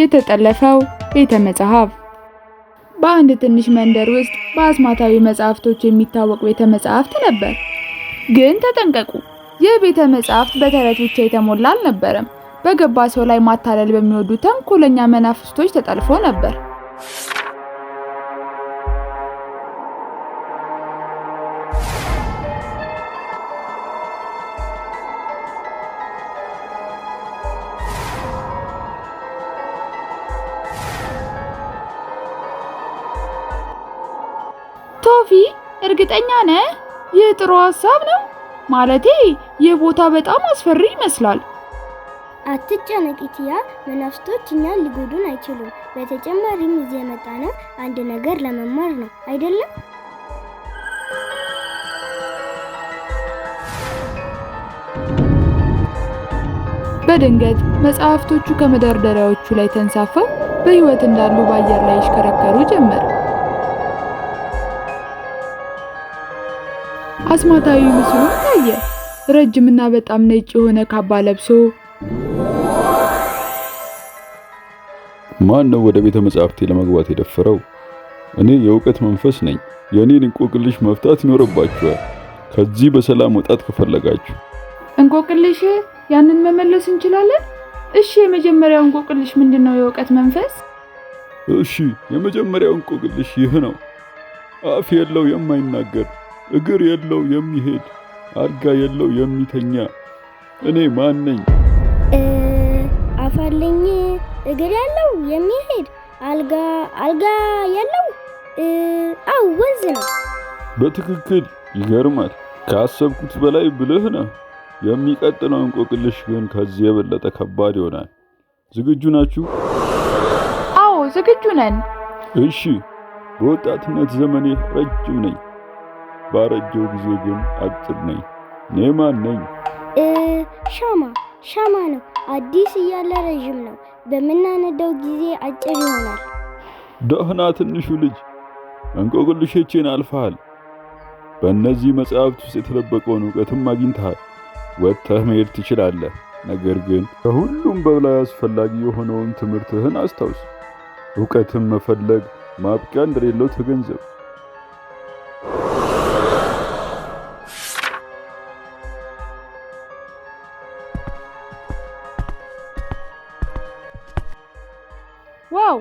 የተጠለፈው ቤተ መጽሐፍ በአንድ ትንሽ መንደር ውስጥ በአስማታዊ መጽሐፍቶች የሚታወቅ ቤተ መጽሐፍት ነበር። ግን ተጠንቀቁ፣ ይህ ቤተ መጽሐፍት በተረት ብቻ የተሞላ አልነበረም። በገባ ሰው ላይ ማታለል በሚወዱ ተንኮለኛ መናፍስቶች ተጠልፎ ነበር። እርግጠኛ ነህ? ይህ ጥሩ ሀሳብ ነው። ማለቴ ይህ ቦታ በጣም አስፈሪ ይመስላል። አትጨነቅ ኢቲያ፣ መናፍስቶች እኛን ሊጎዱን አይችሉም። በተጨማሪም እዚህ የመጣነው አንድ ነገር ለመማር ነው አይደለም? በድንገት መጽሐፍቶቹ ከመደርደሪያዎቹ ላይ ተንሳፈው በሕይወት እንዳሉ በአየር ላይ ይሽከረከሩ ጀመር። አስማታዊ ምስሉ ታየ። ረጅምና በጣም ነጭ የሆነ ካባ ለብሶ ማን ነው ወደ ቤተ መጻሕፍቴ ለመግባት የደፈረው? እኔ የእውቀት መንፈስ ነኝ። የእኔን እንቆቅልሽ መፍታት ይኖርባችኋል። ከዚህ በሰላም መውጣት ከፈለጋችሁ እንቆቅልሽ ያንን መመለስ እንችላለን። እሺ፣ የመጀመሪያው እንቆቅልሽ ምንድን ነው? የእውቀት መንፈስ። እሺ፣ የመጀመሪያው እንቆቅልሽ ይህ ነው። አፍ የለው የማይናገር እግር የለው የሚሄድ አልጋ የለው የሚተኛ እኔ ማን ነኝ? አፋለኝ እግር ያለው የሚሄድ አልጋ አልጋ ያለው አው ወንዝ ነው። በትክክል ይገርማል። ካሰብኩት በላይ ብልህ ነህ። የሚቀጥለው እንቆቅልሽ ግን ከዚህ የበለጠ ከባድ ይሆናል። ዝግጁ ናችሁ? አዎ ዝግጁ ነን። እሺ። በወጣትነት ዘመኔ ረጅም ነኝ። ባረጀው ጊዜ ግን አጭር ነኝ። እኔ ማን ነኝ? ሻማ ሻማ ነው። አዲስ እያለ ረዥም ነው፣ በምናነደው ጊዜ አጭር ይሆናል። ደህና ትንሹ ልጅ እንቆቅልሾቼን አልፈሃል። በእነዚህ መጽሐፍት ውስጥ የተደበቀውን እውቀትም አግኝተሃል። ወጥተህ መሄድ ትችላለህ። ነገር ግን ከሁሉም በላይ አስፈላጊ የሆነውን ትምህርትህን አስታውስ። እውቀትም መፈለግ ማብቂያ እንደሌለው ተገንዘብ። ዋው!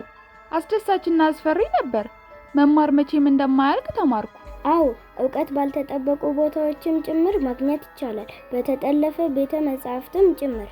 አስደሳችና አስፈሪ ነበር። መማር መቼም እንደማያልቅ ተማርኩ። አዎ፣ እውቀት ባልተጠበቁ ቦታዎችም ጭምር ማግኘት ይቻላል፣ በተጠለፈ ቤተ መጻሕፍትም ጭምር።